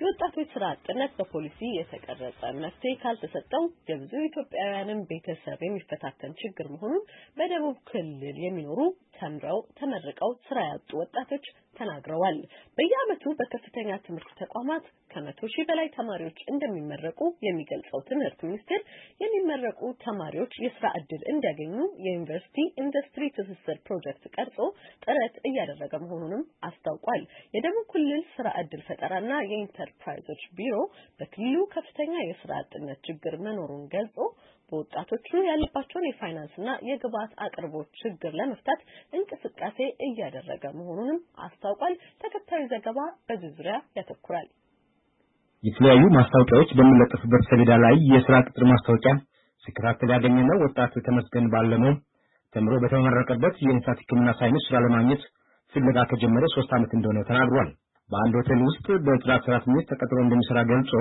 የወጣቶች ስራ አጥነት በፖሊሲ የተቀረጸ መፍትሄ ካልተሰጠው የብዙ ኢትዮጵያውያንን ቤተሰብ የሚፈታተን ችግር መሆኑን በደቡብ ክልል የሚኖሩ ተምረው ተመርቀው ስራ ያጡ ወጣቶች ተናግረዋል። በየዓመቱ በከፍተኛ ትምህርት ተቋማት ከመቶ ሺህ በላይ ተማሪዎች እንደሚመረቁ የሚገልጸው ትምህርት ሚኒስቴር የሚመረቁ ተማሪዎች የስራ እድል እንዲያገኙ የዩኒቨርሲቲ ኢንዱስትሪ ትስስር ፕሮጀክት ቀርጾ ጥረት እያደረገ መሆኑንም አስታውቋል። የደቡብ ክልል ስራ እድል ፈጠራና የኢንተርፕራይዞች ቢሮ በክልሉ ከፍተኛ የስራ አጥነት ችግር መኖሩን ገልጾ በወጣቶቹ ያለባቸውን የፋይናንስና የግብዓት አቅርቦት ችግር ለመፍታት እንቅስቃሴ እያደረገ መሆኑንም አስታውቋል። ተከታዩ ዘገባ በዚህ ዙሪያ ያተኩራል። የተለያዩ ማስታወቂያዎች በሚለጠፍበት ሰሌዳ ላይ የስራ ቅጥር ማስታወቂያ ሲከታተል ያገኘነው ወጣቱ ተመስገን ባለመው ተምሮ በተመረቀበት የእንስሳት ሕክምና ሳይንስ ስራ ለማግኘት ፍለጋ ከጀመረ ሶስት ዓመት እንደሆነ ተናግሯል። በአንድ ሆቴል ውስጥ በጥራት ሰራተኞች ተቀጥሮ እንደሚሰራ ገልጾ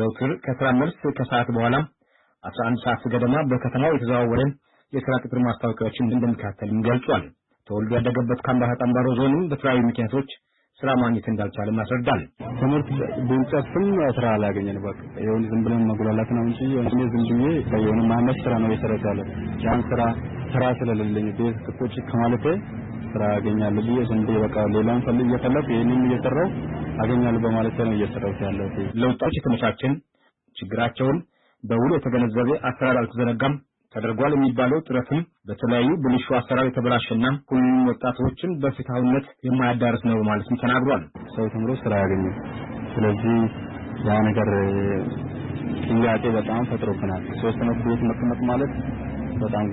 ዘውትር ከስራ መልስ ከሰዓት በኋላ አስራ ሰዓት ገደማ በከተማው የተዘዋወረን የስራ ቅጥር ማስታወቂያዎችን እንደሚከታተልም ገልጿል። ተወልዶ ያደገበት ካምባታ ጠምባሮ ዞንም በተለያዩ ምክንያቶች ስራ ማግኘት እንዳልቻለ ያስረዳል። ትምህርት ብንጨፍም ስራ አላገኘን። በቃ የሆነ ዝም ብለን መጉላላት ነው እንጂ እኔ ዝም ብዬ የሆነ ማመት ስራ ነው የሰራሁት ያን ስራ ስራ ስለሌለኝ ቤት ቁጭ ከማለቴ ስራ አገኛለሁ ብዬ ዝም ብዬ በቃ ሌላን ፈል እየፈለኩ ይህንም እየሰራው አገኛለሁ በማለት ነው እየሰራሁት ያለው። ለወጣቶች የተመቻችን ችግራቸውን በውል የተገነዘበ አሰራር አልተዘነጋም ተደርጓል የሚባለው ጥረትም በተለያዩ ብልሹ አሰራር የተበላሸና ሁሉም ወጣቶችን በፍትሐዊነት የማያዳርስ ነው ማለትም ተናግሯል። ሰው ተምሮ ስራ ያገኘ ስለዚህ ያ ነገር ጥያቄ በጣም ፈጥሮብናል። ሶስት ዓመት ቤት መቀመጥ ማለት በጣም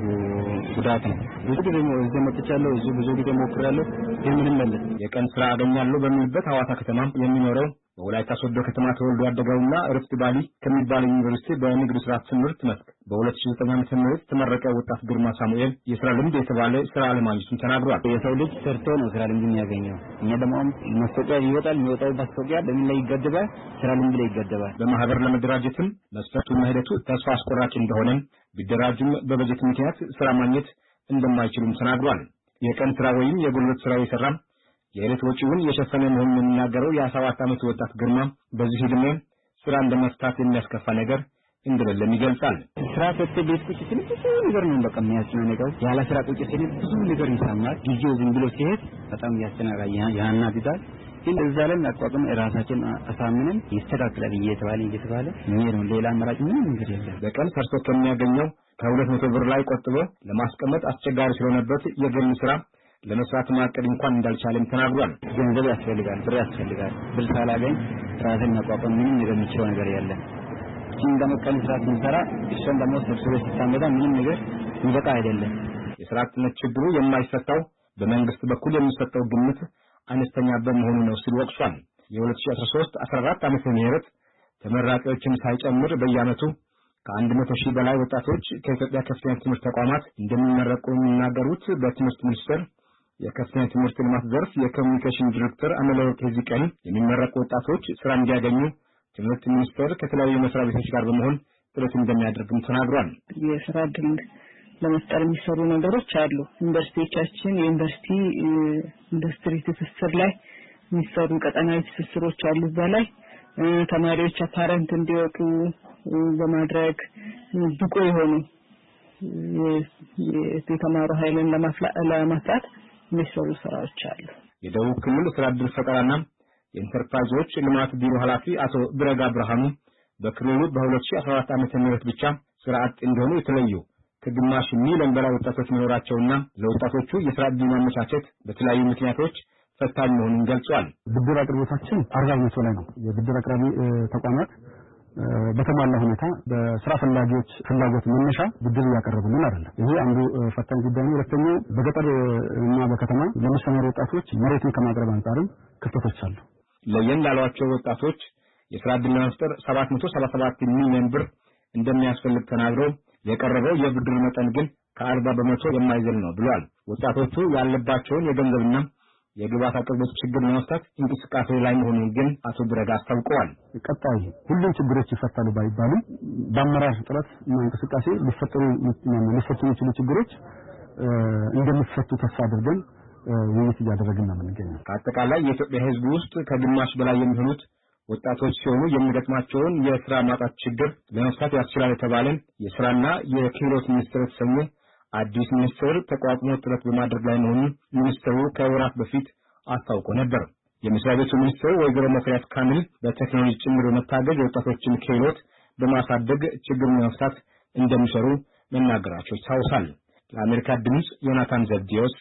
ጉዳት ነው። ብዙ ጊዜ እዚህ መጥቻለሁ፣ ብዙ ጊዜ ሞክሬያለሁ። ይህ ምንም የቀን ስራ አገኛለሁ በሚልበት ሐዋሳ ከተማ የሚኖረው በወላይታ ሶዶ ከተማ ተወልዶ ያደገውና ርፍት ባሊ ከሚባል ዩኒቨርሲቲ በንግድ ስራ ትምህርት መስክ በ2009 ዓ.ም ተመረቀ ወጣት ግርማ ሳሙኤል የስራ ልምድ የተባለ ስራ አለማግኘቱን ተናግሯል። የሰው ልጅ ሰርቶ ነው ስራ ልምድ የሚያገኘው። እኛ ደግሞ ማስታወቂያ ይወጣል። የሚወጣው ማስታወቂያ በምን ላይ ይገደባል? ስራ ልምድ ላይ ይገደባል። በማህበር ለመደራጀትም መስፈርቱና ሂደቱ ተስፋ አስቆራጭ እንደሆነም ቢደራጅም በበጀት ምክንያት ስራ ማግኘት እንደማይችሉም ተናግሯል። የቀን ስራ ወይም የጉልበት ስራ የሰራም የዕለት ወጪውን የሸፈነ መሆኑን የሚናገረው የአስራ አራት ዓመቱ ወጣት ግርማ በዚህ ዕድሜ ስራ ለመፍታት የሚያስከፋ ነገር እንደሌለም ይገልጻል። ስራ ፈት ቤት ቁጭ ስል ብዙ ነገር ነው በቃ የሚያስጨንቀው። ያለ ስራ ቁጭ ሲል ብዙ ነገር ይሰማል። ጊዜው ዝም ብሎ ሲሄድ በጣም ያስተናራ ያናድዳል። ግን እዛ ላይ አቋቁም ራሳችን አሳምነን ይስተካከላል እየተባለ እየተባለ ነው። ሌላ አማራጭ ምንም ነገር የለም። በቀን ሰርቶ ከሚያገኘው ከሁለት መቶ ብር ላይ ቆጥቦ ለማስቀመጥ አስቸጋሪ ስለሆነበት የግል ስራ ለመስራት ማቀድ እንኳን እንዳልቻለም ተናግሯል። ገንዘብ ያስፈልጋል፣ ብር ያስፈልጋል። ብር ሳላገኝ ራስን መቋቋም ምንም ነገር የሚችለው ነገር የለም። እሱን ደግሞ ቀን ስራ ስንሰራ እሷን ደግሞ ሰብስበ ስታመጣ ምንም ነገር ይበቃ አይደለም። የስራ አጥነት ችግሩ የማይፈታው በመንግስት በኩል የሚሰጠው ግምት አነስተኛ በመሆኑ ነው ሲል ወቅሷል። የ2013 14 ዓመተ ምህረት ተመራቂዎችን ሳይጨምር በየዓመቱ ከአንድ መቶ ሺህ በላይ ወጣቶች ከኢትዮጵያ ከፍተኛ ትምህርት ተቋማት እንደሚመረቁ የሚናገሩት በትምህርት ሚኒስቴር የከፍተኛ ትምህርት ልማት ዘርፍ የኮሚኒኬሽን ዲሬክተር አመለወርቅ ሂዚቀን የሚመረቁ ወጣቶች ስራ እንዲያገኙ ትምህርት ሚኒስቴር ከተለያዩ መስሪያ ቤቶች ጋር በመሆን ጥረት እንደሚያደርግም ተናግሯል። የስራ እድል ለመፍጠር የሚሰሩ ነገሮች አሉ። ዩኒቨርሲቲዎቻችን የዩኒቨርሲቲ ኢንዱስትሪ ትስስር ላይ የሚሰሩ ቀጠናዊ ትስስሮች አሉ። እዛ ላይ ተማሪዎች አፓረንት እንዲወጡ በማድረግ ብቁ የሆኑ የተማሩ ኃይልን ለማፍላት። የሚሰሩ ስራዎች አሉ። የደቡብ ክልል ስራ ዕድል ፈጠራና የኢንተርፕራይዞች ልማት ቢሮ ኃላፊ አቶ ብረጋ ብርሃኑ በክልሉ በ2014 ዓ ም ብቻ ስራ አጥ እንደሆኑ የተለዩ ከግማሽ ሚሊዮን በላይ ወጣቶች መኖራቸውና ለወጣቶቹ የስራ ዕድል ማመቻቸት በተለያዩ ምክንያቶች ፈታኝ መሆኑን ገልጿል። ብድር አቅርቦታችን አርባ በመቶ ላይ ነው። የብድር አቅራቢ ተቋማት በተሟላ ሁኔታ በስራ ፈላጊዎች ፍላጎት መነሻ ብድር እያቀረቡልን አይደለም። ይሄ አንዱ ፈታኝ ጉዳይ ነው። ሁለተኛው በገጠር እና በከተማ ለሚሰማሩ ወጣቶች መሬትን ከማቅረብ አንጻርም ክፍተቶች አሉ። ለየን ላሏቸው ወጣቶች የስራ ዕድል ለመፍጠር 777 ሚሊዮን ብር እንደሚያስፈልግ ተናግሮ የቀረበው የብድር መጠን ግን ከአርባ በመቶ የማይዘል ነው ብሏል። ወጣቶቹ ያለባቸውን የገንዘብና የግባት አቅርቦት ችግር ለመፍታት እንቅስቃሴ ላይ መሆኑን ግን አቶ ብረጋ አስታውቀዋል። ቀጣይ ሁሉም ችግሮች ይፈታሉ ባይባሉም በአመራር ጥረት እና እንቅስቃሴ ሊፈጠሩ ሊፈቱ የሚችሉ ችግሮች እንደሚፈቱ ተስፋ አድርገን ውይይት እያደረግን ነው የምንገኘው። ከአጠቃላይ የኢትዮጵያ ሕዝብ ውስጥ ከግማሽ በላይ የሚሆኑት ወጣቶች ሲሆኑ የሚገጥማቸውን የስራ ማጣት ችግር ለመፍታት ያስችላል የተባለን የስራና የክህሎት ሚኒስቴር የተሰኘ አዲስ ሚኒስትር ተቋቁሞ ጥረት በማድረግ ላይ መሆኑን ሚኒስትሩ ከወራት በፊት አስታውቆ ነበር። የመስሪያ ቤቱ ሚኒስትር ወይዘሮ መፍሪያት ካሚል በቴክኖሎጂ ጭምር በመታገዝ የወጣቶችን ክህሎት በማሳደግ ችግር መፍታት እንደሚሰሩ መናገራቸው ይታወሳል። ለአሜሪካ ድምፅ ዮናታን ዘብዲዮስ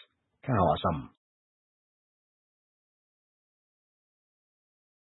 ከሐዋሳም